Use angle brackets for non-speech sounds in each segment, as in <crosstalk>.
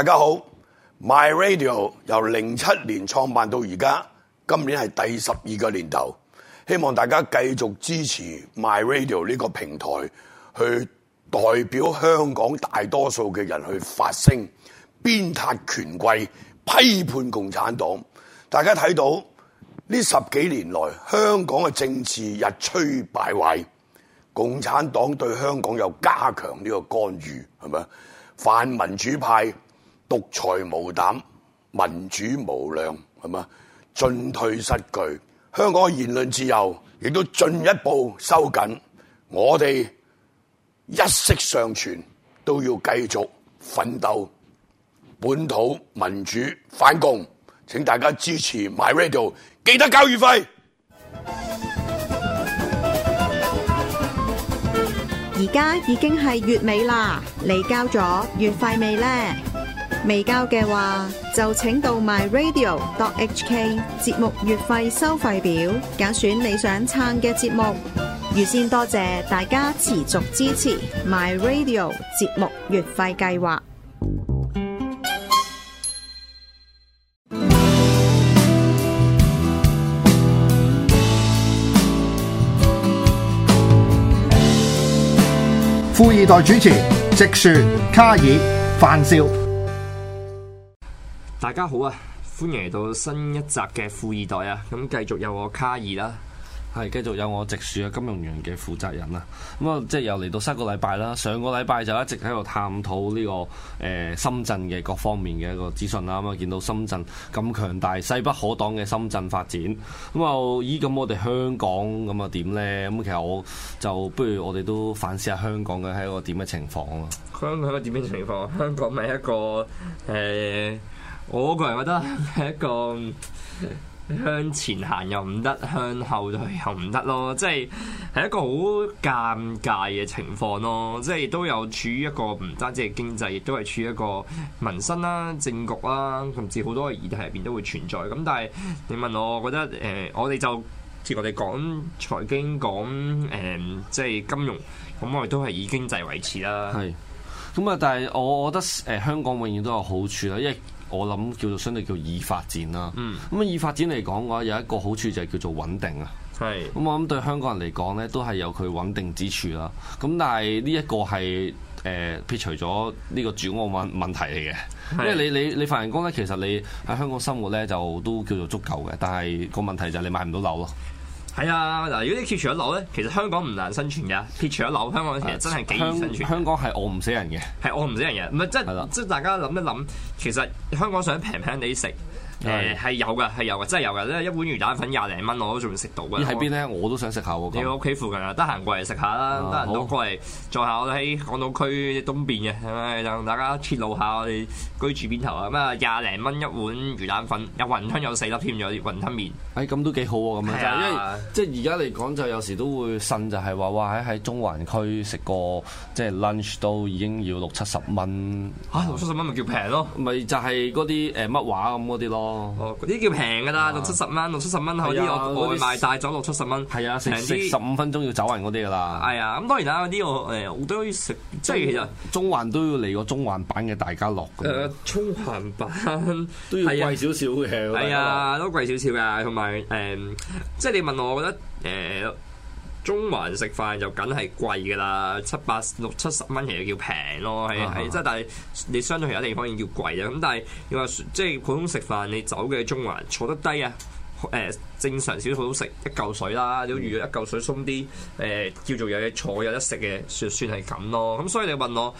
大家好，My Radio 由零七年創辦到而家，今年係第十二個年頭，希望大家繼續支持 My Radio 呢個平台，去代表香港大多數嘅人去發聲，鞭撻權貴，批判共產黨。大家睇到呢十幾年來，香港嘅政治日趨敗壞，共產黨對香港有加強呢個干預，係咪？泛民主派。獨裁無膽，民主無量，係嘛？進退失據，香港嘅言論自由亦都進一步收緊。我哋一息尚存，都要繼續奮鬥。本土民主反共，請大家支持 My Radio，記得交月費。而家已經係月尾啦，你交咗月費未呢？未交嘅話，就請到 myradio.hk 節目月費收費表，揀選你想撐嘅節目。預先多謝大家持續支持 myradio 節目月費計劃。富易袋主持：直樹、卡爾、范少。大家好啊！歡迎嚟到新一集嘅富易袋啊！咁繼續有我卡爾啦，係繼續有我直樹嘅金融員嘅負責人啦。咁啊，即係又嚟到三個禮拜啦。上個禮拜就一直喺度探討呢、這個誒、呃、深圳嘅各方面嘅一個資訊啦。咁啊，見到深圳咁強大、勢不可擋嘅深圳發展，咁啊，咦咁我哋香港咁啊點呢？咁其實我就不如我哋都反思下香港嘅係一個點嘅情況啊。香港係一個點嘅情況？香港咪一個誒。欸我個人覺得係一個向前又行又唔得，向後退又唔得咯，即係係一個好尷尬嘅情況咯。即係都有處於一個唔單止係經濟，亦都係處於一個民生啦、啊、政局啦、啊，甚至好多嘅議題入邊都會存在。咁但係你問我，我覺得誒、呃，我哋就似我哋講財經講誒、呃，即係金融咁，我哋都係以經濟維持啦。係咁啊！但係我覺得誒，香港永遠都有好處啦，因為我諗叫做相對叫易發展啦，咁啊、嗯、易發展嚟講嘅話，有一個好處就係叫做穩定啊。係，咁我諗對香港人嚟講咧，都係有佢穩定之處啦。咁但係呢一個係誒撇除咗呢個住屋問問題嚟嘅，是 因為你你你發人工咧，其實你喺香港生活咧就都叫做足夠嘅，但係個問題就係你買唔到樓咯。係啊，嗱，如果你撇除咗樓咧，其實香港唔難生存㗎。撇除咗樓，香港其實真係幾易生存。香港係餓唔死人嘅，係餓唔死人嘅，唔係即係即係大家諗一諗，其實香港想平平哋食。誒係、欸、有噶，係有噶，真係有噶！咧一碗魚蛋粉廿零蚊，我都仲食到嘅。喺邊咧？我都想食下喎。喺屋企附近啊，得閒過嚟食下啦。得閒都過嚟坐下，我哋喺港島區東邊嘅，誒，讓大家揭露下我哋居住邊頭啊！咁、嗯、啊，廿零蚊一碗魚蛋粉，有雲吞，有四粒添，有雲吞麵。誒、欸，咁都幾好喎、啊！咁樣、啊、因為即係即係而家嚟講，就有時都會呻，就係話，哇！喺喺中環區食個即係 lunch 都已經要六七十蚊。嚇，六七十蚊咪叫平咯？咪就係嗰啲誒乜話咁嗰啲咯？哦，嗰啲叫平噶啦，六七十蚊，六七十蚊，嗰啲、哎、呀我外賣帶走六七十蚊，係啊、哎，食食十五分鐘要走人嗰啲噶啦。係啊、哎，咁當然啦，嗰啲我誒、呃、都可以食，即係其實中環都要嚟個中環版嘅大家樂。誒、呃，中環版 <laughs> 都要貴少少嘅，係啊、哎呀，吧都貴少少嘅，同埋誒，即係你問我，我覺得誒。呃中環食飯就梗係貴㗎啦，七八六七十蚊其實叫平咯，係係即係，但係你相對其他地方要貴啊。咁但係如果即係普通食飯，你走嘅中環坐得低啊。誒正常少少食一嚿水啦，如果預約一嚿水鬆啲，誒、呃、叫做有嘢坐有得食嘅，算算係咁咯。咁所以你問我，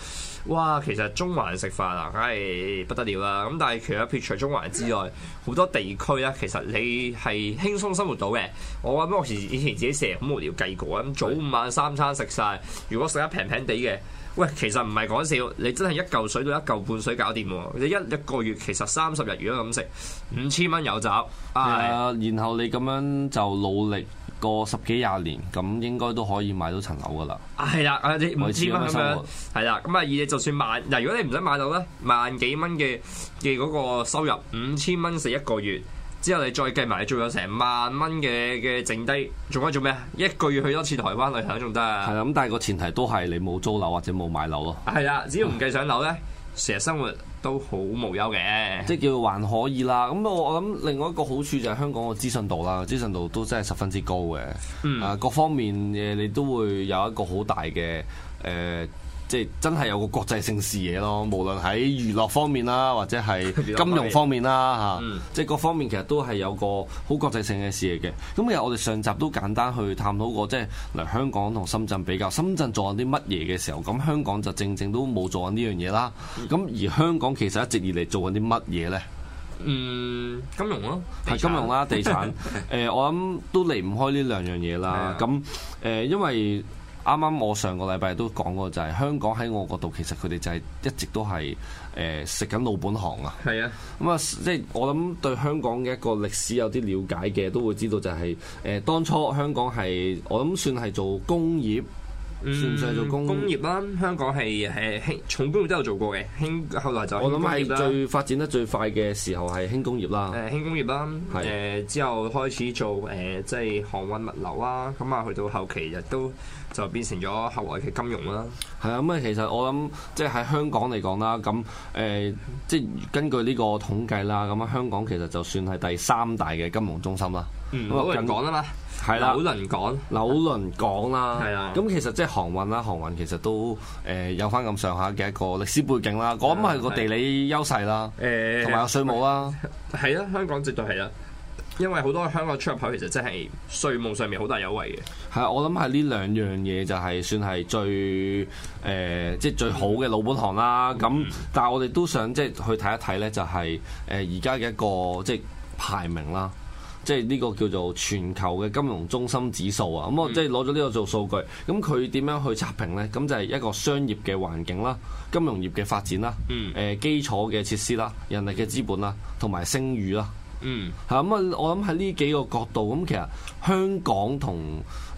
哇，其實中環食飯啊，梗、哎、係不得了啦。咁但係其實撇除中環之外，好多地區咧，其實你係輕鬆生活到嘅。我不、嗯、我以前自己成日咁無聊計過，咁早午晚三餐食晒，如果食得平平地嘅。喂，其實唔係講笑，你真係一嚿水到一嚿半水搞掂喎！你一一個月其實三十日，如果咁食五千蚊有找，嗯、啊，然後你咁樣就努力過十幾廿年，咁應該都可以買到層樓噶啦。係啦、啊，啊，你五千蚊咁樣係啦，咁啊，以你就算萬，嗱、啊，如果你唔使買樓咧，萬幾蚊嘅嘅嗰個收入五千蚊，食一個月。之後你再計埋，你做咗成萬蚊嘅嘅剩低，仲可以做咩啊？一個月去多次台灣旅行仲得啊！係啊，咁但係個前提都係你冇租樓或者冇買樓咯。係啊，只要唔計上樓咧，成、嗯、日生活都好無憂嘅，即係叫還可以啦。咁我我諗另外一個好處就係香港嘅資訊度啦，資訊度都真係十分之高嘅。嗯、啊各方面嘢你都會有一個好大嘅誒。呃即係真係有個國際性視野咯，無論喺娛樂方面啦，或者係金融方面啦嚇， <laughs> 嗯、即係各方面其實都係有個好國際性嘅視野嘅。咁、嗯、其實我哋上集都簡單去探討過即係嚟香港同深圳比較，深圳做緊啲乜嘢嘅時候，咁香港就正正都冇做緊呢樣嘢啦。咁而香港其實一直以嚟做緊啲乜嘢呢？嗯，金融咯、啊，係金融啦、啊，地產。誒、 <laughs> 呃，我諗都離唔開呢兩樣嘢啦。咁誒是的、呃，因為。啱啱我上個禮拜都講過，就係香港喺我角度，其實佢哋就係一直都係誒、呃、食緊老本行係啊、嗯。係啊，咁啊即係我諗對香港嘅一個歷史有啲了解嘅都會知道就係、是、誒、呃、當初香港係我諗算係做工業。算唔算做工、嗯？工業啦，香港係誒輕重工業都有做過嘅，輕後來就我諗係最發展得最快嘅時候係輕工業啦。誒輕工業啦，誒是的、呃、之後開始做誒、呃、即係航運物流啦。咁啊去到後期亦都就變成咗後來嘅金融啦。係啊，咁啊其實我諗即係喺香港嚟講啦，咁誒、呃、即係根據呢個統計啦，咁啊香港其實就算係第三大嘅金融中心啦。嗯，講啊嘛。嗯係啦，紐倫港、紐倫港啦，咁係啦，其實即係航運啦，航運其實都誒有翻咁上下嘅一個歷史背景啦，嗰咁係個地理優勢啦，誒同埋有稅務啊，係啊，香港絕對係啦，因為好多香港出入口其實即係稅務上面好大優惠嘅。係啊，我諗係呢兩樣嘢就係算係最誒、呃，即係最好嘅老本行啦。咁但係我哋都想即係去睇一睇咧，就係誒而家嘅一個即係排名啦。即係呢個叫做全球嘅金融中心指數啊，咁、嗯、我、嗯、即係攞咗呢個做數據，咁佢點樣去測評呢？咁就係一個商業嘅環境啦，金融業嘅發展啦，誒、嗯呃、基礎嘅設施啦，人力嘅資本啦，同埋聲譽啦、嗯。嗯，嚇咁啊，我諗喺呢幾個角度，咁、嗯嗯、其實香港同誒、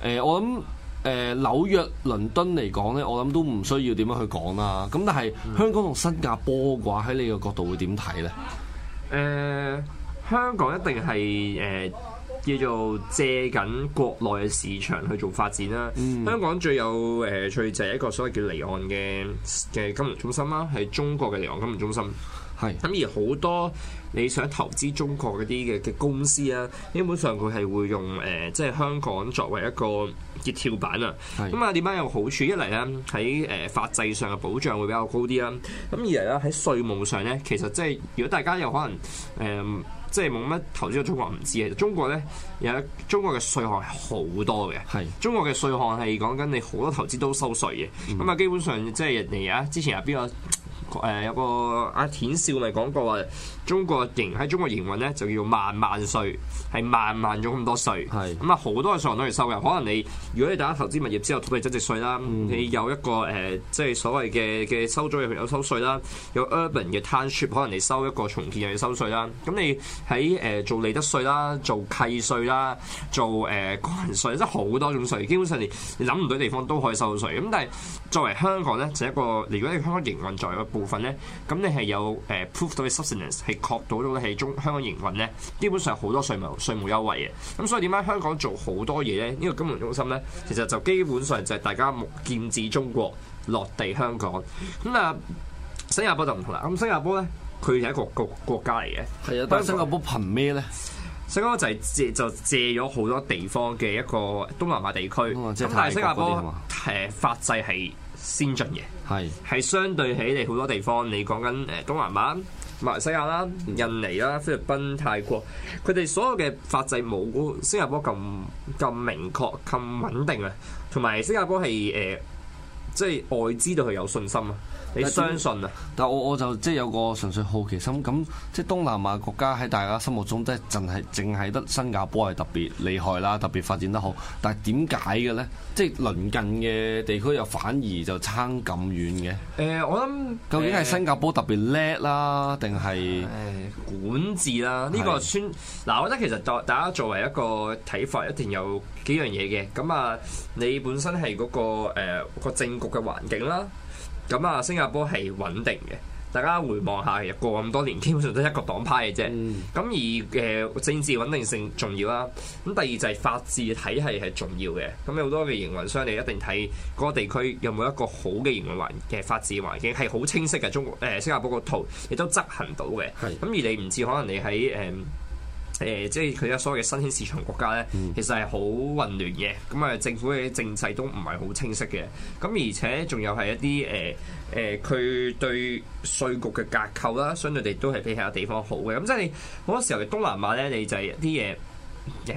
呃、我諗誒、呃、紐約、倫敦嚟講呢，我諗都唔需要點樣去講啦。咁但係香港同新加坡嘅話，喺你嘅角度會點睇呢？誒。呃香港一定係誒、呃、叫做借緊國內嘅市場去做發展啦、啊。嗯、香港最有誒、呃，最就係一個所謂叫離岸嘅嘅金融中心啦、啊，係中國嘅離岸金融中心係咁。是而好多你想投資中國嗰啲嘅嘅公司啊，基本上佢係會用誒、呃，即係香港作為一個結跳板啊。咁啊是，點解有好處？一嚟咧喺誒法制上嘅保障會比較高啲啦、啊。咁二嚟咧喺稅務上咧，其實即、就、係、是、如果大家有可能誒。呃呃即係冇乜投資喺中國唔知嘅，中國呢，有中國嘅稅項係好多嘅，中國嘅稅項係講緊你好多投資都收稅嘅，咁啊、嗯、基本上即係人哋啊之前喺邊個？誒、呃、有個阿田少咪講過話，中國仍喺中國營運咧，就要萬萬歲，係萬萬咗咁多稅。係咁啊，好、嗯、多稅項都去收嘅。可能你如果你大家投資物業之後，土地增值稅啦，你有一個誒、呃，即係所謂嘅嘅收租業有收稅啦，有 urban 嘅 township 可能你收一個重建又要收稅啦。咁你喺誒、呃、做利得稅啦，做契稅啦，做誒個、呃、人稅，即係好多種稅。基本上你你諗唔到地方都可以收稅。咁但係作為香港咧，就是、一個，如果你香港營運在嘅。部分咧，咁你係有誒 prove 到嘅 substance 係確到到係中香港營運咧，基本上好多稅務稅務優惠嘅。咁所以點解香港做好多嘢咧？呢個金融中心咧，其實就基本上就係大家目見至中國落地香港。咁啊，新加坡就唔同啦。咁新加坡咧，佢係一個國國家嚟嘅。係啊的，但新加坡憑咩咧？新加坡就係借就借咗好多地方嘅一個東南亞地區。咁、哦、但係新加坡法制係先進嘅係係相對起嚟好多地方，你講緊誒東南亞、馬來西亞啦、印尼啦、菲律賓、泰國，佢哋所有嘅法制冇新加坡咁咁明確、咁穩定啊，同埋新加坡係誒。呃即係外資對佢有信心啊，你相信啊。但係我我就即係有個純粹好奇心咁，即係東南亞國家喺大家心目中，即係淨係淨係得新加坡係特別厲害啦，特別發展得好。但係點解嘅咧？即係鄰近嘅地區又反而就差咁遠嘅？誒、欸，我諗究竟係新加坡特別叻啦，定係、欸、管治啦？呢、這個算嗱是的、啊，我覺得其實作大家作為一個睇法，一定有。幾樣嘢嘅，咁啊，你本身係嗰、那個誒、呃、政局嘅環境啦，咁啊，新加坡係穩定嘅。大家回望下，其實過咁多年，基本上都係一個黨派嘅啫。咁、嗯、而誒、呃、政治穩定性重要啦。咁第二就係法治體系係重要嘅。咁有好多嘅營運商，你一定睇嗰個地區有冇一個好嘅營運環嘅法治環境，係好清晰嘅。中國誒、呃、新加坡個圖，亦都執行到嘅。咁是的 而你唔似可能你喺誒，呃誒，即係佢哋所有嘅新興市場國家咧，其實係好混亂嘅。咁啊，政府嘅政制都唔係好清晰嘅。咁而且仲有係一啲誒誒，佢、呃呃、對稅局嘅結構啦，相對地都係比其他地方好嘅。咁即係好多時候嘅東南亞咧，你就係啲嘢。誒，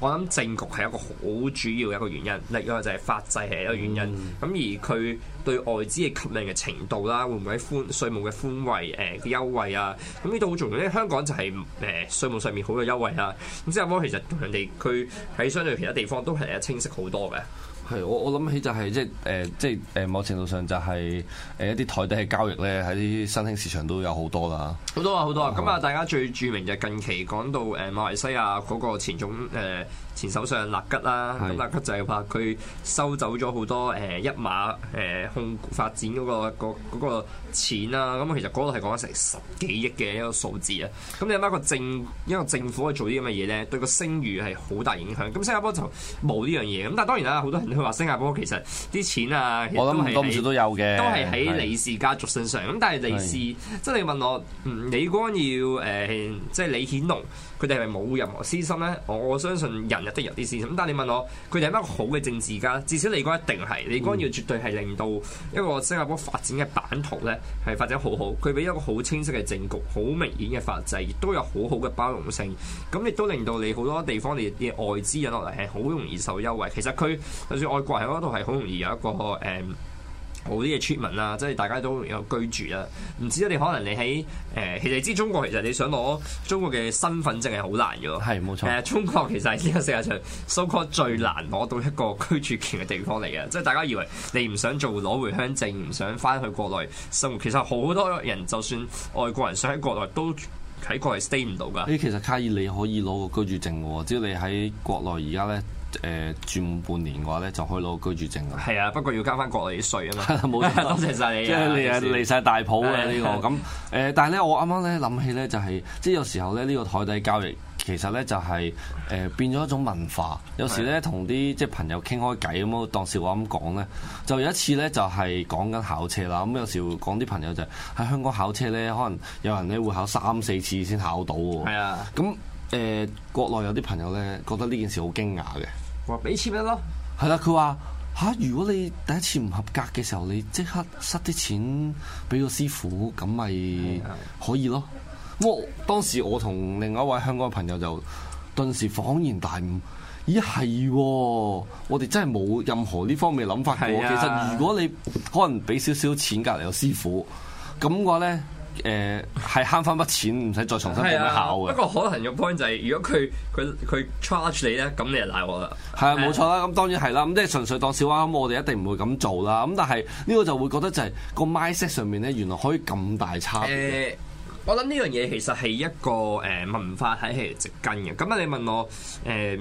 我諗政局係一個好主要一個原因，另外就係法制係一個原因。咁、mm hmm. 而佢對外資嘅吸引嘅程度啦，會唔會喺寬稅務嘅寬惠誒嘅優惠啊？咁呢度好重要，因為香港就係、是、誒、呃、稅務上面好有優惠啦。咁即係話，其實同人哋佢喺相對其他地方都係清晰好多嘅。係， <noise> 我我諗起就係即係誒，即係誒，某程度上就係誒一啲台底嘅交易咧，喺啲新興市場都有好多啦。好多啊，好多啊！咁啊，大家最著名就近期講到誒馬來西亞嗰個前總誒。啊前首相納吉啦，咁是納吉就係話佢收走咗好多誒、呃、一馬誒、呃、控發展嗰、那個、那個嗰、那個、錢啦、啊，咁、嗯、其實嗰度係講緊成十幾億嘅一個數字啊。咁你諗下個政一個政府去做啲咁嘅嘢咧，對個聲譽係好大影響。咁新加坡就冇呢樣嘢。咁但係當然啦，好多人都話新加坡其實啲錢啊，其實都我諗多唔少都有嘅，都係喺李氏家族身上。咁是但係李氏，是即係你問我，李光耀誒、呃，即係李顯龍。佢哋係冇任何私心呢？我，我相信人入得有啲私心。但係你問我，佢哋係一個好嘅政治家，至少李光一定係李光，要絕對係令到一個新加坡發展嘅版圖呢，係發展好好。佢俾一個好清晰嘅政局，好明顯嘅法制，亦都有好好嘅包容性。咁亦都令到你好多地方你，你嘅外資引落嚟係好容易受優惠。其實佢就算外國喺嗰度係好容易有一個誒。嗯好啲嘅居民啦，即係大家都有居住啦。唔知你可能你喺誒、呃，其實你知中國，其實你想攞中國嘅身份證係好難嘅喎。係冇錯。誒、呃，中國其實係呢個世界上，so far 最難攞到一個居住權嘅地方嚟嘅。即係大家以為你唔想做攞回鄉證，唔想翻去國內生活，其實好多人就算外國人想喺國內都喺國內 stay 唔到㗎。誒，其實卡爾你可以攞個居住證喎，只要你喺國內而家咧。誒轉半年嘅話咧，就可以攞居住證啦。係啊，不過要交翻國內啲稅啊嘛。冇錯， <laughs> 多謝晒你。即係你係離晒大譜嘅呢個咁誒。但係咧，我啱啱咧諗起咧，就係即係有時候咧，呢個台底交易其實咧就係誒變咗一種文化。有時咧同啲即係朋友傾開偈咁，當時我咁講咧，就有一次咧就係講緊考車啦。咁有時講啲朋友就係喺香港考車咧，可能有人咧會考三四次先考到喎。係啊。咁誒，國內有啲朋友咧覺得呢件事好驚訝嘅。話俾錢咪咯，係啦。佢話嚇，如果你第一次唔合格嘅時候，你即刻塞啲錢俾個師傅，咁咪可以咯。我的、哦、當時我同另外一位香港嘅朋友就頓時恍然大悟，咦係，我哋真係冇任何呢方面諗法嘅。的其實如果你可能俾少少錢隔離個師傅，咁話咧。誒係慳翻筆錢，唔使再重新考嘅。不過可能個 point 就係、是，如果佢佢佢 charge 你咧，咁你就鬧我啦。係啊，冇錯啦。咁當然係啦。咁即係純粹當小話，咁我哋一定唔會咁做啦。咁但係呢個就會覺得就係個 mindset 上面咧，原來可以咁大差別，呃。我諗呢樣嘢其實係一個誒、呃、文化體系嚟植根嘅。咁啊，你問我誒？呃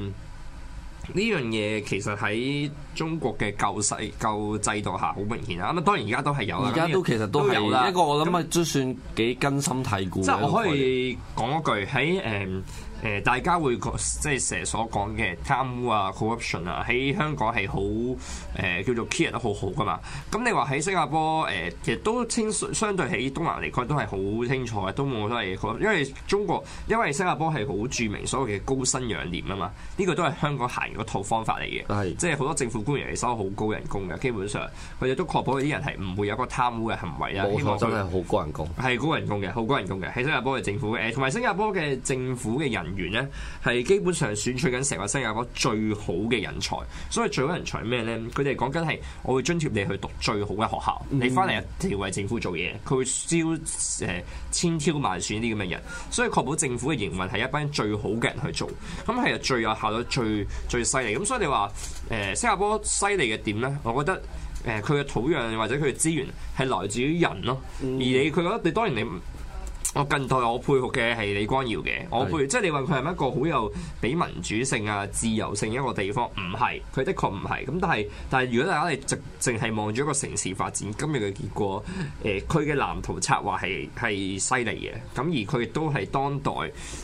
呢樣嘢其實喺中國嘅舊世舊制度下好明顯啊！咁啊，當然而家都係有啦，而家都其實都係有啦。呢個我諗啊那，都算幾根深蒂固。即係我可以講一句喺誒。誒，大家會覺即係成日所講嘅貪污啊、corruption 啊，喺香港係好誒叫做 care 得好好噶嘛。咁你話喺新加坡誒，其實都清相對喺東南地區都係好清楚嘅，都冇得係因為中國，因為新加坡係好著名所謂嘅高薪養廉啊嘛，呢個都係香港行嗰套方法嚟嘅。即係好多政府官員嚟收好高人工嘅，基本上佢哋都確保啲人係唔會有個貪污嘅行為啊。冇錯，真係好高人工，係高人工嘅，好高人工嘅喺新加坡嘅政府誒，同埋新加坡嘅政府嘅人。源咧係基本上選取緊成個新加坡最好嘅人才，所以最好人才係咩咧？佢哋講緊係，我會津貼你去讀最好嘅學校，你翻嚟一就為政府做嘢，佢會招誒千挑萬選啲咁嘅人，所以確保政府嘅營運係一班最好嘅人去做，咁係呀最有效率最、最最犀利。咁所以你話誒新加坡犀利嘅點咧？我覺得誒佢嘅土壤或者佢嘅資源係來自於人咯，而你佢覺得你當然你。我近代我佩服嘅係李光耀嘅，我佩服即係你話佢係一個好有俾民主性啊、自由性一個地方，唔係，佢的確唔係。咁但係，但係如果大家你直淨係望住一個城市發展，今日嘅結果，誒、呃，佢嘅藍圖策劃係係犀利嘅。咁而佢亦都係當代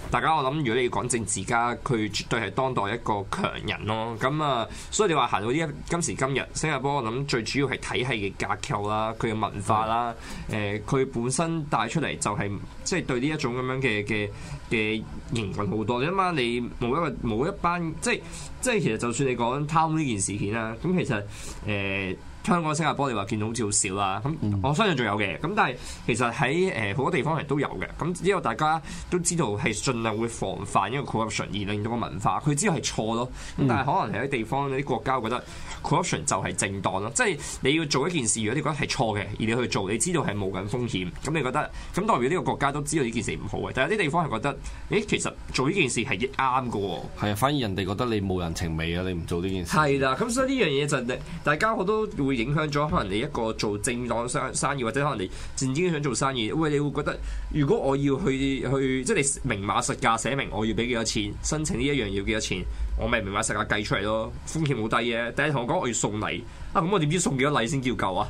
大家我諗，如果你講政治家，佢絕對係當代一個強人咯。咁啊，所以你話行到呢一今時今日，新加坡我諗最主要係體系嘅架構啦，佢嘅文化啦，誒、呃，佢本身帶出嚟就係、是。即係對呢一種咁樣嘅嘅嘅刑罰好多，你諗下你冇一個冇一班，即係即係其實就算你講貪呢件事件啦，咁其實誒。呃香港、新加坡，你話見到好似好少啦，啊。咁我相信仲有嘅。咁但係其實喺誒好多地方係都有嘅。咁呢個大家都知道係盡量會防範因為 corruption 而令到個文化佢知道係錯咯。咁但係可能喺啲地方、啲國家，我覺得 corruption 就係正當咯。即係你要做一件事，如果你覺得係錯嘅，而你去做，你知道係冇緊風險，咁你覺得咁代表呢個國家都知道呢件事唔好嘅。但係有啲地方係覺得，咦，其實做呢件事係啱㗎喎。係啊，反而人哋覺得你冇人情味啊，你唔做呢件事。係啦，咁所以呢樣嘢就大家好多都會。影響咗可能你一個做正當生意，或者可能你正經想做生意，喂，你會覺得如果我要去去，即係你明碼實價寫明我要俾幾多錢，申請呢一樣要幾多錢，我咪明碼實價計出嚟咯，風險好低嘅。第一同我講我要送禮啊，咁我點知送幾多禮先叫夠啊？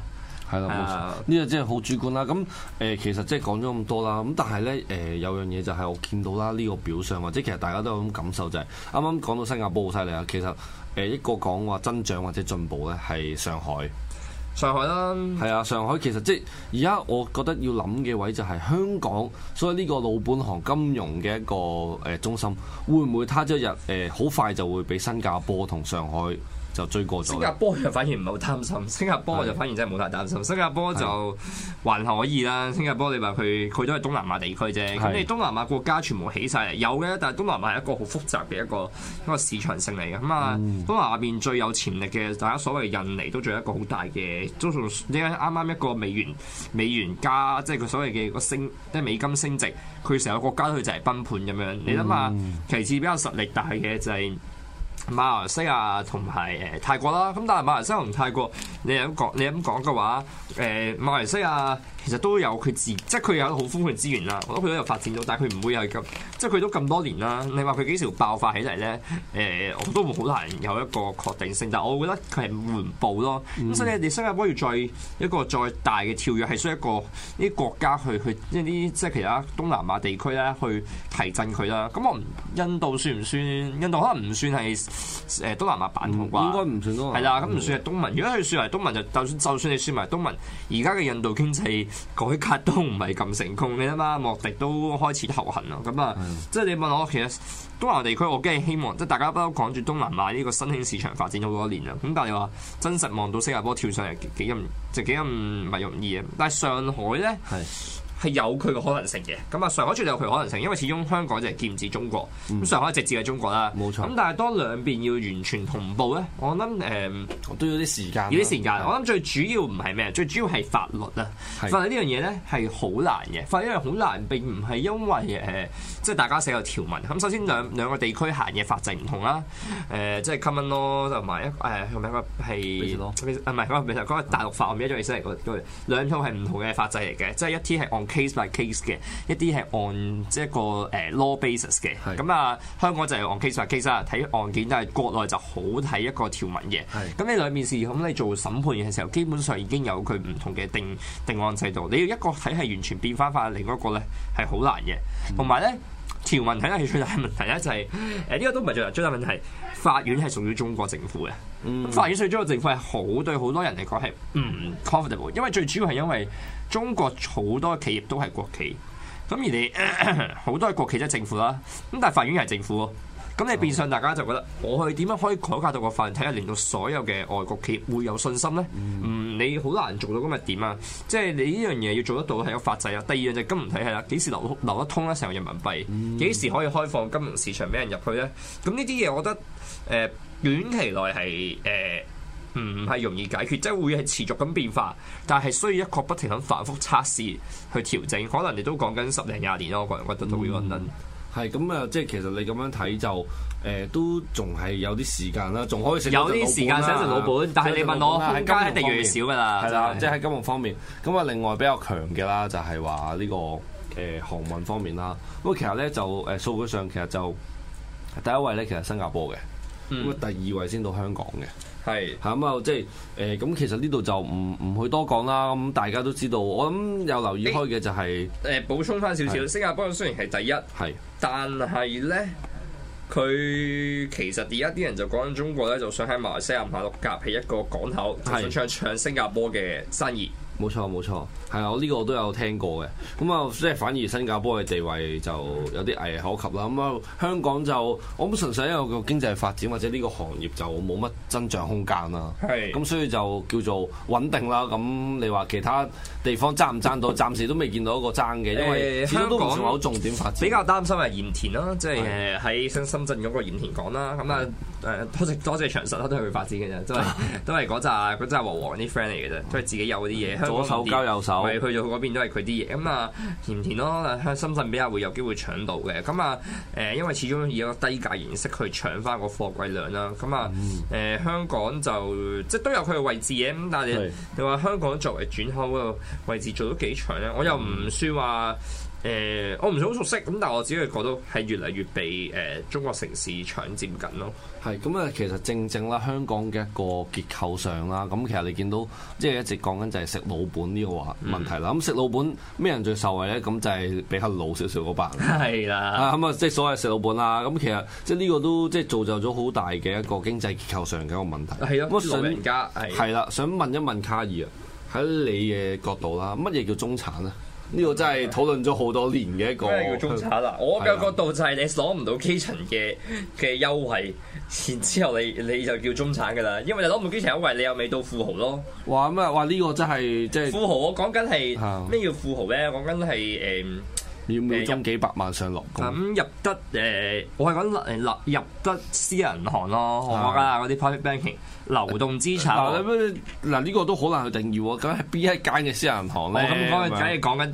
係啦，冇錯，呢個真係好主觀啦。咁誒，其實即係講咗咁多啦。咁但係呢，誒有樣嘢就係我見到啦，呢個表上或者其實大家都有咁感受就係、是，啱啱講到新加坡好犀利啊。其實誒一個講話增長或者進步呢，係上海，上海啦。係啊，上海其實即係而家，我覺得要諗嘅位就係香港，所以呢個老本行金融嘅一個誒中心，會唔會他咗日誒好快就會畀新加坡同上海。就追過咗。新加坡就反而唔係好擔心，新加坡就反而真係冇太擔心。是的 新加坡就還可以啦。新加坡你話佢佢，都係東南亞地區啫。咁是的 你東南亞國家全部起晒嚟，有嘅。但係東南亞係一個好複雜嘅一個一個市場性嚟嘅。咁啊，東南亞邊最有潛力嘅，大家所謂印尼都仲有一個好大嘅。都從依家啱啱一個美元美元加，即係佢所謂嘅個升，即係美金升值，佢成個國家佢就係崩盤咁樣。你諗下，其次比較實力大嘅就係、是。馬來西亞同埋誒泰國啦，咁但係馬來西亞同泰國，你咁講你咁講嘅話，誒馬來西亞。其實都有佢自，即係佢有好豐富嘅資源啦。我覺得佢都有發展到，但係佢唔會係咁，即係佢都咁多年啦。你話佢幾時爆發起嚟咧？誒、呃，我都好難有一個確定性。但係我覺得佢係緩步咯。咁所以你哋新加坡要再一個再大嘅跳躍，係需要一個呢國家去去即係啲即係其他東南亞地區咧去提振佢啦。咁我印度算唔算？印度可能唔算係誒東南亞版圖啩，應該唔算東南亞。係啦，咁唔算係東盟。嗯、如果佢算係東盟，就就算就算你算埋東盟，而家嘅印度經濟。改革都唔係咁成功嘅。你知嘛？莫迪都開始頭痕啦，咁啊，是的 即係你問我，其實東南地區我梗係希望，即係大家不都講住東南亞呢個新興市場發展咗好多年啦，咁但係你話真實望到新加坡跳上嚟幾咁就幾咁唔係容易啊。但係上海咧。係有佢個可能性嘅，咁啊上海絕對有佢可能性，因為始終香港就係劍指中國，咁、嗯、上海直指係中國啦，冇沒錯。咁但係當兩邊要完全同步咧，我諗誒、嗯、都要啲時間，要啲時間。是的 我諗最主要唔係咩，最主要係法律啊是的。法律呢樣嘢咧係好難嘅，法律因為好難並唔係因為誒、呃，即係大家寫有條文。咁首先兩兩個地區行嘅法制唔同啦，誒、呃、即係 common law 同埋一誒個咩嗰係啊唔係嗰個大陸法，我唔記得咗意思嚟個。兩套係唔同嘅法制嚟嘅，即係一啲係按。case by case 嘅，一啲係按即係個誒、呃、law basis 嘅，咁啊是、嗯、香港就係按 case by case 啊，睇案件都係國內就好睇一個條文嘅，咁是你兩面是咁、嗯、你做審判嘅時候，基本上已經有佢唔同嘅定定案制度，你要一個睇係完全變翻翻另一個咧係好難嘅，同埋咧。嗯條文睇咧，係最大問題咧，就係誒呢個都唔係最大，最大問題，就係呃呢個、大問題法院係屬於中國政府嘅。嗯、法院屬於中國政府係好對好多人嚟講係唔 comfortable，因為最主要係因為中國好多企業都係國企，咁而嚟好多國企即係政府啦。咁但係法院係政府。咁你變相、哦、大家就覺得，我去點樣可以改革到個法人體系，令到所有嘅外國企業會有信心咧？嗯，嗯，你好難做到咁，日點啊？即係你呢樣嘢要做得到係有法制啊。第二樣就金融體系啦，幾時流流得通咧？成個人民幣，幾時可以開放金融市場俾人入去咧？咁呢啲嘢，我覺得誒短期內係誒唔係容易解決，即係會係持續咁變化，但係需要一刻不停咁反覆測試去調整。可能你都講緊十零廿年咯，我個人覺得都會係咁啊，即係其實你咁樣睇，就誒，都仲係有啲時間啦，仲可以有啲時間省成老本。但係你問我，金價越嚟越少噶啦，係啦。即係喺金融方面，咁啊、就是，另外比較強嘅啦，就係話呢個誒航運方面啦。咁啊，其實咧就誒數據上其實就第一位咧，其實新加坡嘅，咁啊、嗯、第二位先到香港嘅。係，係咁啊，即係誒，咁其實呢度就唔唔去多講啦。咁大家都知道，我諗有留意開嘅就係、是、誒、欸呃，補充翻少少，的新加坡雖然係第一，係的，但係咧，佢其實而家啲人就講緊中國咧，就想喺馬來西亞馬六甲起一個港口，就想搶的新加坡嘅生意。冇錯冇錯，係啊！我呢個我都有聽過嘅，咁啊，即係反而新加坡嘅地位就有啲危可及啦。咁啊，香港就我咁純粹因為個經濟發展或者呢個行業就冇乜增長空間啦。係是，咁所以就叫做穩定啦。咁你話其他地方爭唔爭到？暫時都未見到一個爭嘅，欸、因為始終都唔算好重點發展。比較擔心係鹽田啦，即係喺新深圳嗰個鹽田港啦。咁啊～誒，多謝多謝，長實都係佢發展嘅啫，都係都係嗰扎嗰扎和黃啲 friend 嚟嘅啫，都係自己有啲嘢。左手交右手，咪去咗嗰邊都係佢啲嘢。咁啊，甜甜咯，向深圳比較會有機會搶到嘅。咁啊，誒，因為始終以一個低價形式去搶翻個貨櫃量啦。咁啊，誒、嗯呃，香港就即係都有佢嘅位置嘅。咁但係是你話香港作為轉口個位置做咗幾長咧？我又唔算話。嗯誒、呃，我唔係好熟悉，咁但係我只係覺得係越嚟越被誒、呃、中國城市搶佔緊咯。係咁啊，其實正正啦，香港嘅一個結構上啦，咁其實你見到即係一直講緊就係食老本呢個話問題啦。咁、嗯、食老本咩人最受惠咧？咁就係比較老少少嗰班。係啦的。咁啊，即、就、係、是、所謂食老本啦。咁其實即係呢個都即係造就咗好大嘅一個經濟結構上嘅一個問題。係咯的。乜想老人家係。係啦，想問一問卡爾喺你嘅角度啦，乜嘢叫中產咧？呢個真係討論咗好多年嘅一個，咩叫中產啊？ <laughs> 我嘅角度就係你攞唔到基層嘅嘅優惠，然之後你你就叫中產㗎啦。因為你攞唔到基層優惠，你又未到富豪咯。話咩？話呢、這個真係即係富豪。我講緊係咩叫富豪咧？講緊係誒。嗯要唔要中幾百萬上落？咁、嗯嗯、入得誒、嗯，我係講入入入得私人銀行咯，嚇嗰啲的 p u b l i c banking 流動資產。嗱呢、啊啊這個都好難去定義喎。咁係邊一間嘅私人銀行咧、嗯嗯？我咁講，梗係講緊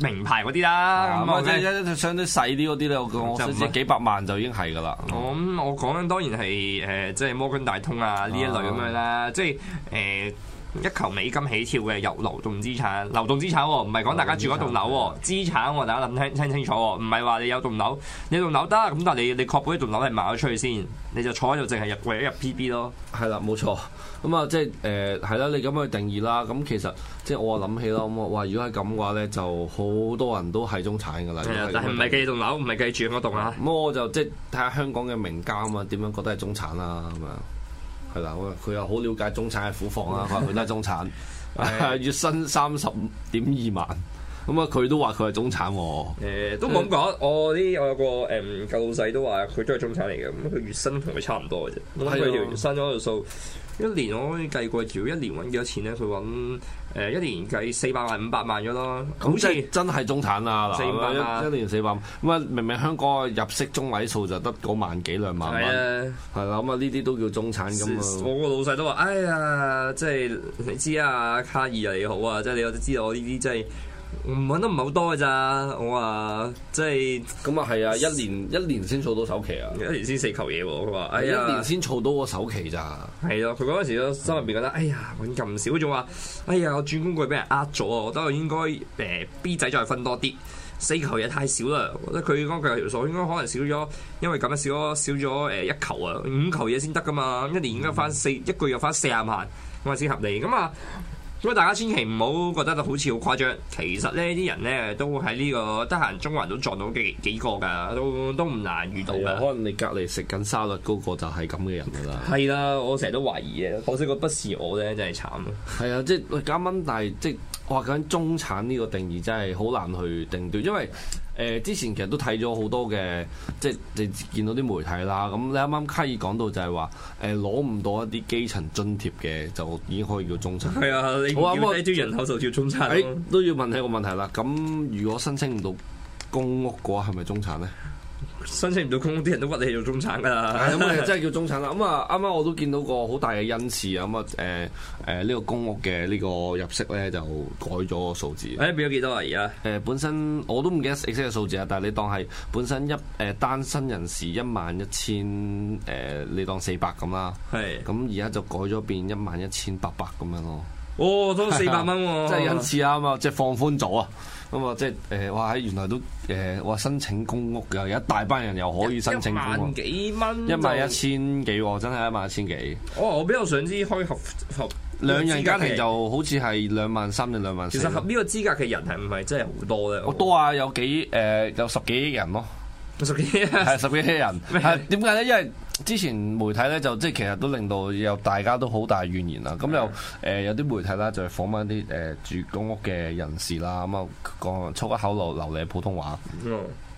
名牌嗰啲啦。咁或者想啲細啲嗰啲咧，我我先知幾百萬就已經係噶啦。我咁我講緊當然係誒，即係摩根大通啊呢一類咁樣啦，嗯嗯、即係誒。欸欸啊一球美金起跳嘅由流動資產，流動資產唔係講大家住嗰棟樓，資產,資產、哦、大家諗聽,聽清清楚、哦，唔係話你有棟樓，你棟樓得咁，但係你你確保呢棟樓係賣咗出去先，你就坐喺度淨係入櫃入 P B 咯。係啦，冇錯，咁、嗯、啊即係誒係啦，你咁去定義啦，咁其實即係我諗起啦，咁、嗯、哇如果係咁嘅話咧，就好多人都係中產㗎啦。的但係唔係計棟樓，唔係計住嗰棟啊。咁、嗯、我就即係睇下香港嘅名家啊，點樣覺得係中產啦咁樣。係啦，佢又好了解中產嘅苦況啦。佢話佢都係中產， <laughs> <laughs> 月薪三十點二萬。咁啊，佢都話佢係中產。誒、呃，都冇咁講，我啲我有個誒、嗯、舊老細都話佢都係中產嚟嘅。咁佢月薪同佢差唔多嘅啫。咁佢條月薪嗰條數，一年我可以計過，如果一年揾幾多錢咧，佢揾。誒、呃、一年計四百萬五百萬咗咯，咁即係真係中產啦、啊、嗱、嗯，一年四百萬，咁啊明明香港入息中位數就得嗰萬幾兩萬蚊，係啊，啦、啊，咁啊呢啲都叫中產咁啊，我個老細都話：哎呀，即係你知啊，卡爾啊你好啊，即係你又知道我呢啲即係。唔揾得唔係好多嘅咋？我話即係咁啊，係啊、嗯嗯！一年一年先儲到首期啊！哎、呀一年先四球嘢喎。佢話：哎呀，一年先儲到個首期咋？係咯。佢嗰陣時個心入邊覺得：哎呀，揾咁少，仲話：哎呀，我轉工具俾人呃咗啊！我覺得我應該誒、呃、B 仔再分多啲，四球嘢太少啦。我覺得佢嗰個條數應該可能少咗，因為咁啊少咗少咗誒、呃、一球啊，五球嘢先得噶嘛。一年應該翻四，嗯、一個月翻四十萬，咁先合理咁啊！嗯嗯嗯咁啊！大家千祈唔好覺得好似好誇張，其實呢啲人呢，都喺呢個得閒，中環都撞到幾幾個㗎，都都唔難遇到嘅。可能你隔離食緊沙律嗰個就係咁嘅人㗎啦。係啦，我成日都懷疑嘅，可惜個不是我呢，真係慘。係啊，即係加蚊，但係即係。我話緊中產呢個定義真係好難去定奪，因為誒、呃、之前其實都睇咗好多嘅，即係你見到啲媒體啦。咁你啱啱卡爾講到就係話誒攞唔到一啲基層津貼嘅就已經可以叫中產。係啊、嗯，嗯、你要按照人口數叫中產，啊哎。誒都要問你一個問題啦。咁如果申請唔到公屋嘅話，係咪中產咧？申請唔到公屋，啲人都屈你做中產噶啦，咁啊真係叫中產啦。咁啊，啱啱我都見到個好大嘅恩賜啊，咁啊，誒誒呢個公屋嘅呢個入息咧就改咗個數字。誒，變咗幾多啊？而家誒，本身我都唔記得 exact 嘅數字啊，但係你當係本身一誒單身人士一萬一千誒，你當四百咁啦。係。咁而家就改咗變一萬一千八百咁樣咯。哦，都四百蚊。即係恩賜啊，咁啊，即係放寬咗啊。咁啊、嗯，即係誒、呃，哇！喺原來都誒、呃，哇，申請公屋又有一大班人，又可以申請公屋，萬幾蚊？一萬,一萬一千幾喎，真係一萬一千幾。我、哦、我比較想知開合合兩人家庭就好似係兩萬三定兩萬四。其實合呢個資格嘅人係唔係真係好多咧？好多啊，有幾誒、呃、有十幾億人咯，十幾億，係十幾億人。係點解咧？ <laughs> 因為之前媒體咧就即係其實都令到有大家都好大怨言啦，咁 <music> 又誒、呃、有啲媒體啦就訪問一啲誒、呃、住公屋嘅人士啦，咁啊，講粗口流流利嘅普通話。 <music>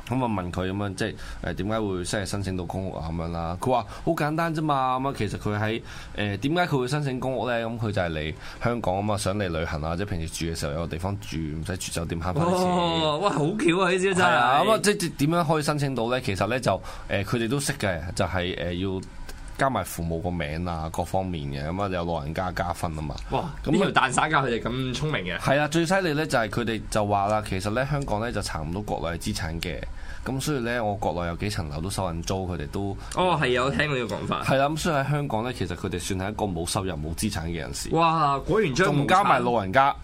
咁啊問佢咁樣，即係誒點解會即係申請到公屋啊咁樣啦？佢話好簡單啫嘛，咁啊其實佢喺誒點解佢會申請公屋咧？咁、嗯、佢就係嚟香港啊嘛，想嚟旅行啊，即係平時住嘅時候有個地方住，唔使住酒店慳翻啲錢。哇！好巧啊呢啲真係。咁啊，啊是、嗯、即係點樣可以申請到咧？其實咧就誒佢哋都識嘅，就係、是、誒、呃、要。加埋父母個名啊，各方面嘅咁啊，有老人家加分啊嘛。哇！咁佢蛋散教，佢哋咁聰明嘅。係啊，最犀利咧就係佢哋就話啦，其實咧香港咧就查唔到國內資產嘅，咁所以咧我國內有幾層樓都收緊租，佢哋都。哦，係有我聽過呢個講法。係啦、啊，咁所以喺香港咧，其實佢哋算係一個冇收入、冇資產嘅人士。哇！果然仲加埋老人家。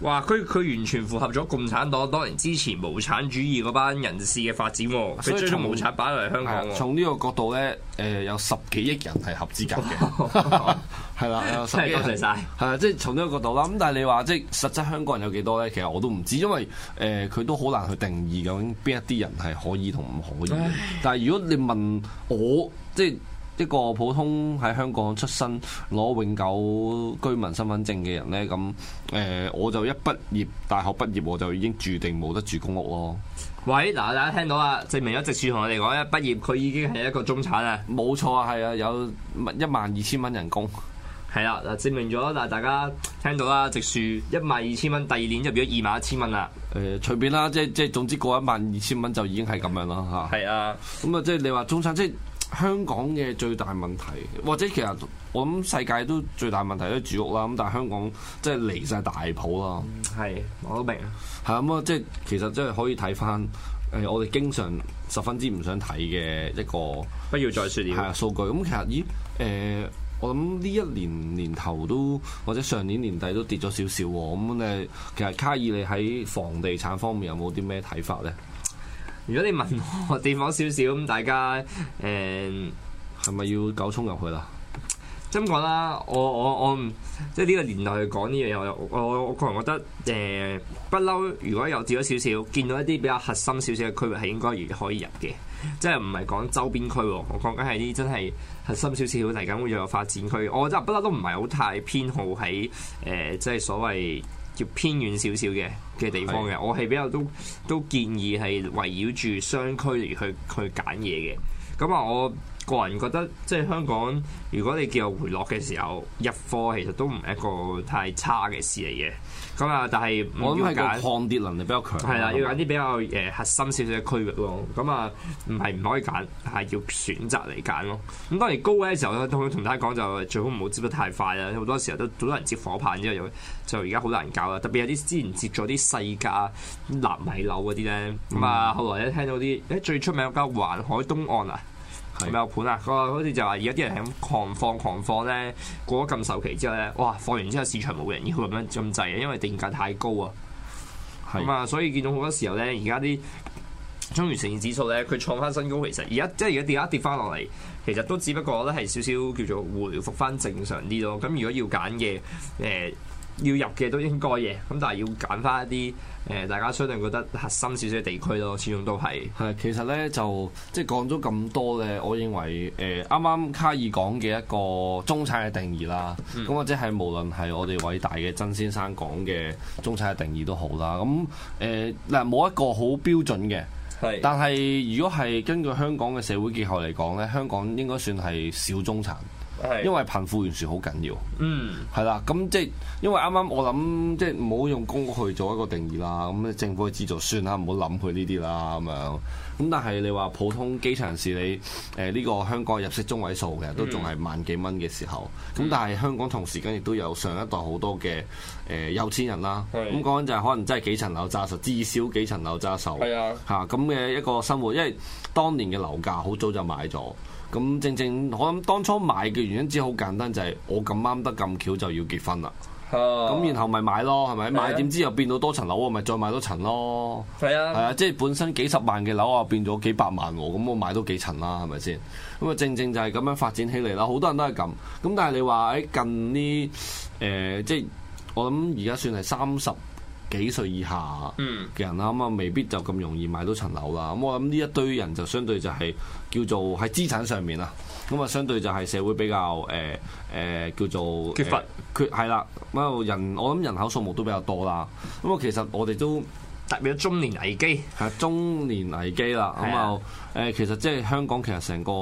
哇！佢佢完全符合咗共產黨，當年支持無產主義嗰班人士嘅發展，佢以從無產擺嚟香港。從呢個角度咧，誒、呃、有十幾億人係合資格嘅，係啦， <laughs> <laughs> 十幾億人嚟係啊，即係、 <laughs> 就是、從呢個角度啦。咁但係你話即係實質香港人有幾多咧？其實我都唔知，因為誒佢、呃、都好難去定義究竟邊一啲人係可以同唔可以。 <laughs> 但係如果你問我，即係。一個普通喺香港出生攞永久居民身份證嘅人呢，咁誒、呃，我就一畢業大學畢業，我就已經注定冇得住公屋咯。喂，嗱大家聽到啊，證明咗直樹同我哋講一畢業，佢已經係一個中產啊！冇錯啊，係啊，有一萬二千蚊人工，係啦，誒證明咗，但大家聽到啦，直樹一萬二千蚊，第二年就變咗二萬一千蚊啦。誒，隨便啦，即係即係，總之過一萬二千蚊就已經係咁樣啦，吓，係啊，咁啊，即係你話中產即係。香港嘅最大問題，或者其實我諗世界都最大問題都係住屋啦。咁但係香港即係離晒大譜啦。係、嗯，我都明。係咁啊，即係其實即係可以睇翻，誒，我哋經常十分之唔想睇嘅一個，不要再説了。係啊，數據。咁其實咦，誒，我諗呢一年年頭都，或者上年年底都跌咗少少喎。咁誒，其實卡爾你喺房地產方面有冇啲咩睇法咧？如果你問我地方少少咁，大家誒係咪要夠衝入去啦？咁講啦，我我我即係呢個年代去講呢樣嘢，我我個人覺得誒不嬲。呃、如果又跌咗少少，見到一啲比較核心少少嘅區域係應該可以入嘅，即係唔係講周邊區？我講緊係啲真係核心少少嚟緊會有發展區。我覺得不嬲都唔係好太偏好喺誒、呃、即係所謂。叫偏遠少少嘅嘅地方嘅，的我係比較都都建議係圍繞住商區嚟去去揀嘢嘅，咁啊我。個人覺得，即係香港，如果你叫回落嘅時候，入貨其實都唔係一個太差嘅事嚟嘅。咁啊，但係唔要揀抗跌能力比較強，係啦、嗯，要揀啲比較誒、呃、核心少少嘅區域咯。咁啊、哦，唔係唔可以揀，係要選擇嚟揀咯。咁當然高位嘅時候都同大家講就最好唔好接得太快啦。好多時候都好多人接火棒之後，就而家好難搞啦。特別有啲之前接咗啲細價、納米樓嗰啲咧，咁啊、嗯，後來一聽到啲誒最出名嗰間環海東岸啊。係咪有盤啊？那個好似、那個、就話而家啲人係咁狂放狂放咧，過咗咁首期之後咧，哇！放完之後市場冇人要咁樣咁滯啊，因為定價太高啊。係咁是啊，所以見到好多時候咧，而家啲中原城市指數咧，佢創翻新高。其實而家即係而家跌一跌翻落嚟，其實都只不過咧係少少叫做復回復翻正常啲咯。咁如果要揀嘅誒。呃要入嘅都應該嘅，咁但係要揀翻一啲誒、呃、大家相對覺得核心少少嘅地區咯，始終都係。係其實呢就即係講咗咁多呢。我認為誒啱啱卡爾講嘅一個中產嘅定義啦，咁、嗯、或者係無論係我哋偉大嘅曾先生講嘅中產嘅定義都好啦，咁誒嗱冇一個好標準嘅，係但係如果係根據香港嘅社會結構嚟講呢，香港應該算係小中產。因為貧富懸殊好緊要，嗯，係啦，咁即係因為啱啱我諗即係唔好用公屋去做一個定義啦，咁政府去資助算啦，唔好諗佢呢啲啦咁樣。咁但係你話普通基層人士你誒呢、呃這個香港入息中位數其實都仲係萬幾蚊嘅時候，咁但係香港同時間亦都有上一代好多嘅誒、呃、有錢人啦，咁講緊就係可能真係幾層樓揸手，至少幾層樓揸手，係啊的，嚇咁嘅一個生活，因為當年嘅樓價好早就買咗。咁正正，我諗當初買嘅原因只係好簡單，就係、是、我咁啱得咁巧就要結婚啦。咁、oh. 然後咪買咯，係咪？買點知又變到多層樓，我咪再買多層咯。係啊，係啊，即係本身幾十萬嘅樓啊，變咗幾百萬，咁我買多幾層啦，係咪先？咁啊，正正就係咁樣發展起嚟啦。好多人都係咁。咁但係你話喺近呢？誒、呃，即係我諗而家算係三十。幾歲以下嘅人啦，咁啊、嗯、未必就咁容易買到層樓啦。咁我諗呢一堆人就相對就係、是、叫做喺資產上面啦。咁啊，相對就係社會比較誒誒、呃、叫做缺乏、啊、缺乏缺係啦。咁人，我諗人口數目都比較多啦。咁啊，其實我哋都。特別咗中年危機，吓，中年危機啦。咁啊，誒，其實即係香港其實成個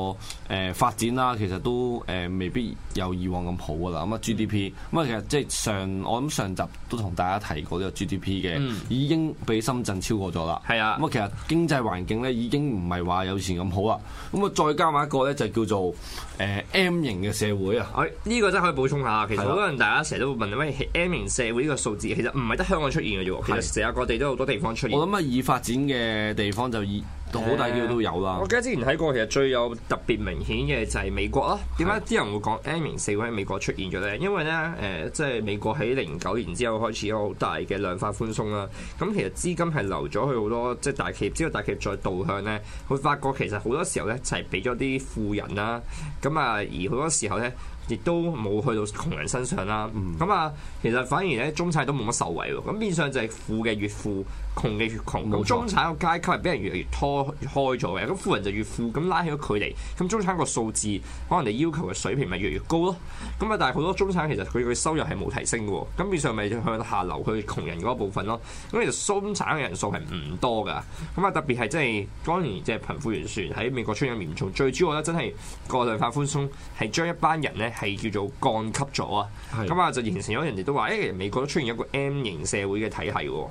誒發展啦，其實都誒未必有以往咁好噶啦。咁啊 GDP，咁啊其實即係上我諗上集都同大家提過呢個 GDP 嘅，嗯、已經俾深圳超過咗啦。係啊，咁啊其實經濟環境咧已經唔係話有以前咁好啊。咁啊再加埋一個咧就叫做誒 M 型嘅社會啊。呢個真係可以補充下，其實好多人大家成日都會問，咩 M 型社會呢個數字，其實唔係得香港出現嘅啫是的 其實成日各地都好多。地方出現，我諗啊，已發展嘅地方就已好大機會都有啦、嗯。我記得之前睇過，其實最有特別明顯嘅就係美國囉。點解啲人會講 M 型社會喺美國出現咗咧？因為咧誒、呃，即係美國喺零九年之後開始有好大嘅量化寬鬆啦。咁其實資金係流咗去好多，即係大企業之後，大企業再導向咧，會發覺其實好多時候咧就係俾咗啲富人啦。咁啊，而好多時候咧。亦都冇去到窮人身上啦，咁啊、嗯，嗯、其實反而咧中產都冇乜受惠喎，咁變相就係富嘅越富，窮嘅越窮，咁拖中產個階級係俾人越嚟越拖越開咗嘅，咁富人就越富，咁拉起咗距離，咁中產個數字可能你要求嘅水平咪越嚟越高咯，咁啊，但係好多中產其實佢嘅收入係冇提升嘅，咁變相咪向下流去窮人嗰一部分咯，咁其實中產嘅人數係唔多噶，咁啊特別係即係嗰年即係貧富懸殊喺美國出現咗嚴重，最主要咧真係個量化寬鬆係將一班人咧。係叫做降級咗啊！咁啊是就形成咗人哋都話：，誒、哎、美國都出現一個 M 型社會嘅體係喎、哦。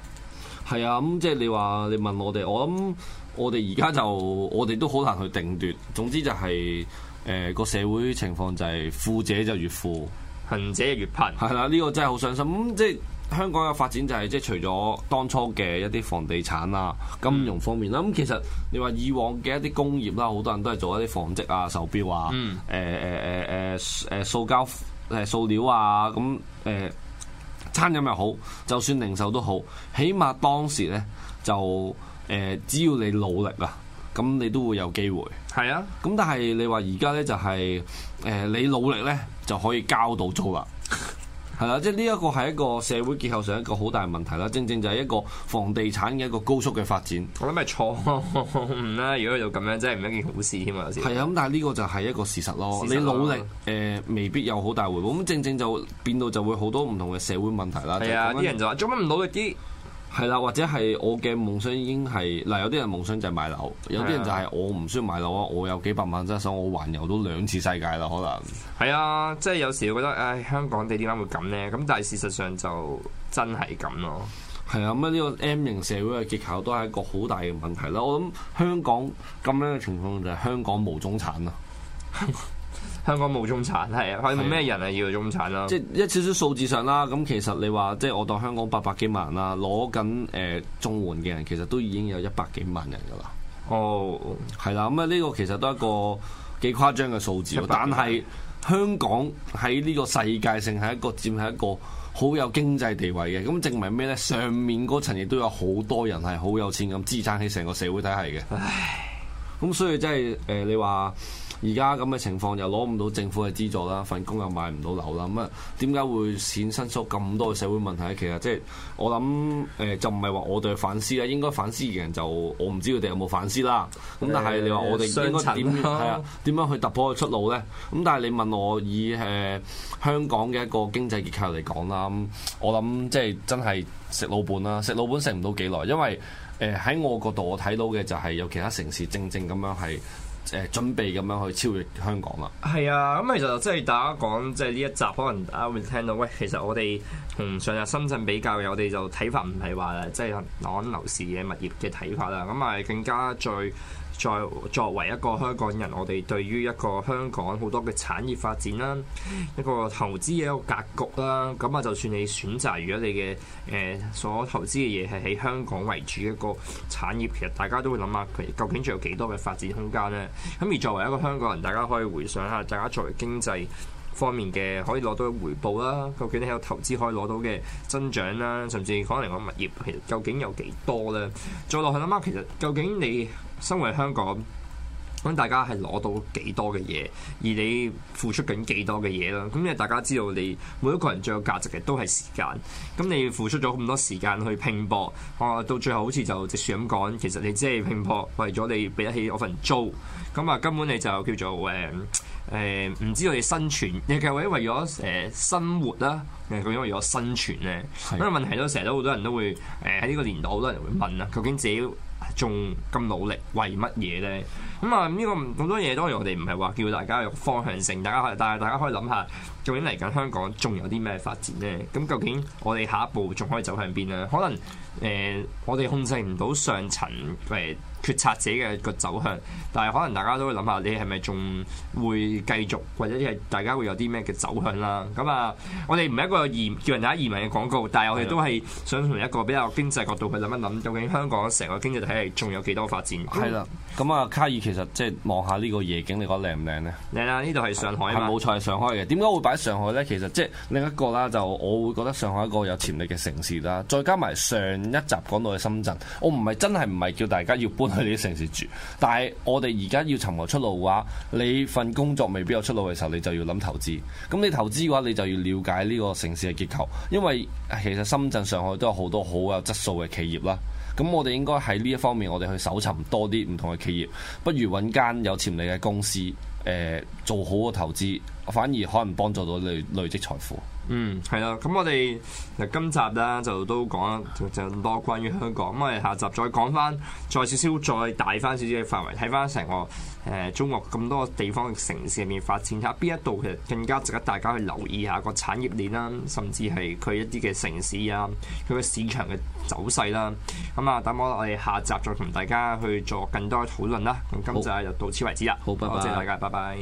係啊，咁、嗯、即係你話，你問我哋，我諗我哋而家就我哋都好難去定奪。總之就係誒個社會情況就係富者就越富，貧者越貧。係啦、啊，呢、這個真係好傷心。咁、嗯、即係。香港嘅發展就係、是、即係除咗當初嘅一啲房地產啊、金融方面啦，咁、嗯、其實你話以往嘅一啲工業啦，好多人都係做一啲紡織啊、手錶啊、誒誒誒誒誒塑膠誒、呃、塑料啊，咁、呃、誒餐飲又好，就算零售都好，起碼當時咧就誒、呃、只要你努力啊，咁你都會有機會。係是啊、就是，咁但係你話而家咧就係誒你努力咧就可以交到租啦。 <laughs> 係啦，即係呢一個係一個社會結構上一個好大問題啦，正正就係一個房地產嘅一個高速嘅發展。我諗係錯誤啦， <laughs> 如果又咁樣，真係唔一件好事添啊！係啊， <laughs> 咁但係呢個就係一個事實咯。實啊、你努力誒、呃，未必有好大回報。咁正正就變到就會好多唔同嘅社會問題啦。係啊， <laughs> 啲人就話做乜唔努力啲？係啦，或者係我嘅夢想已經係嗱，呃，有啲人夢想就係買樓，有啲人就係我唔需要買樓啊，我有幾百萬真係想我環遊到兩次世界咯，可能。係啊，即係有時我覺得誒，香港地點解會咁呢？咁但係事實上就真係咁咯。係啊，咁啊呢個 M 型社會嘅結構都係一個好大嘅問題啦。我諗香港咁樣嘅情況就係香港無中產啦。 <laughs> 香港冇中產，係啊，反正咩人啊要中產啦。即係一少少數字上啦，咁其實你話即係我當香港八百幾萬人啦，攞緊誒綜援嘅人，其實都已經有一百幾萬人噶啦。哦，係啦，咁啊呢個其實都係一個幾誇張嘅數字，但係香港喺呢個世界性係一個佔係一個好有經濟地位嘅。咁證明咩呢？上面嗰層亦都有好多人係好有錢，咁支撐起成個社會體系嘅。唉，咁所以即係誒、呃，你話。而家咁嘅情況又攞唔到政府嘅資助啦，份工又買唔到樓啦，咁啊點解會衍生出咁多社會問題咧？其實即係我諗誒就唔係話我哋反思啦，應該反思嘅人就我唔知佢哋有冇反思啦。咁、欸、但係你話我哋應該點係雙層 啊？點樣去突破嘅出路咧？咁但係你問我以誒香港嘅一個經濟結構嚟講啦，我諗即係真係食老本啦，食老本食唔到幾耐，因為誒喺我角度我睇到嘅就係有其他城市正正咁樣係。誒準備咁樣去超越香港啦？係 <noise> 啊，咁其實即係大家講即係呢一集，可能大家會聽到喂，其實我哋同、嗯、上集深圳比較，我哋就睇法唔係話即係攔樓市嘅物業嘅睇法啦，咁係更加最。在作為一個香港人，我哋對於一個香港好多嘅產業發展啦，一個投資嘅一個格局啦，咁啊，就算你選擇你，如果你嘅誒所投資嘅嘢係喺香港為主一個產業，其實大家都會諗下佢究竟仲有幾多嘅發展空間呢？咁而作為一個香港人，大家可以回想下，大家作為經濟方面嘅可以攞到嘅回報啦，究竟你有投資可以攞到嘅增長啦，甚至可能嚟講物業其實究竟有幾多咧？再落去諗下，其實究竟你身為香港，咁大家係攞到幾多嘅嘢，而你付出緊幾多嘅嘢啦？咁因為大家知道你每一個人最有價值嘅都係時間，咁你付出咗咁多時間去拼搏，啊到最後好似就直樹咁講，其實你即係拼搏為咗你俾得起我份租，咁啊根本你就叫做誒。呃誒唔知道我哋生存，亦係為咗誒生活啦，究竟為咗生存咧。咁啊是的 問題都成日都好多人都會誒喺呢個年代，好多人都會問啊，究竟自己仲咁努力為乜嘢咧？咁啊呢個咁多嘢當然我哋唔係話叫大家有方向性，大家可以，但係大家可以諗下，究竟嚟緊香港仲有啲咩發展咧？咁究竟我哋下一步仲可以走向邊咧？可能誒、呃、我哋控制唔到上層誒。呃決策者嘅個走向，但係可能大家都會諗下，你係咪仲會繼續，或者係大家會有啲咩嘅走向啦？咁啊，我哋唔係一個移叫人哋移民嘅廣告，但係我哋都係想從一個比較經濟角度去諗一諗，究竟香港成個經濟體系仲有幾多發展？係啦。咁啊，卡爾其實即係望下呢個夜景，你覺得靚唔靚呢？靚啊！呢度係上海。冇錯係上海嘅。點解會擺上海呢？其實即係另一個啦，就我會覺得上海一個有潛力嘅城市啦。再加埋上，上一集講到嘅深圳，我唔係真係唔係叫大家要搬。喺啲城市住，但係我哋而家要尋求出路嘅話，你份工作未必有出路嘅時候，你就要諗投資。咁你投資嘅話，你就要了解呢個城市嘅結構，因為其實深圳、上海都有好多好有質素嘅企業啦。咁我哋應該喺呢一方面，我哋去搜尋多啲唔同嘅企業，不如揾間有潛力嘅公司，誒、呃、做好個投資，反而可能幫助到累累積財富。嗯，係啦，咁我哋今集啦，就都講咗咁多關於香港。咁我哋下集再講返，再少少再大返少少嘅範圍，睇返成個誒、呃、中國咁多地方嘅城市入面發展下，下邊一度其實更加值得大家去留意下個產業鏈啦，甚至係佢一啲嘅城市啊，佢個市場嘅走勢啦、啊。咁啊，等我我哋下集再同大家去做更多嘅討論啦。咁今集就到此為止啦。好，拜拜，多謝大家，拜拜。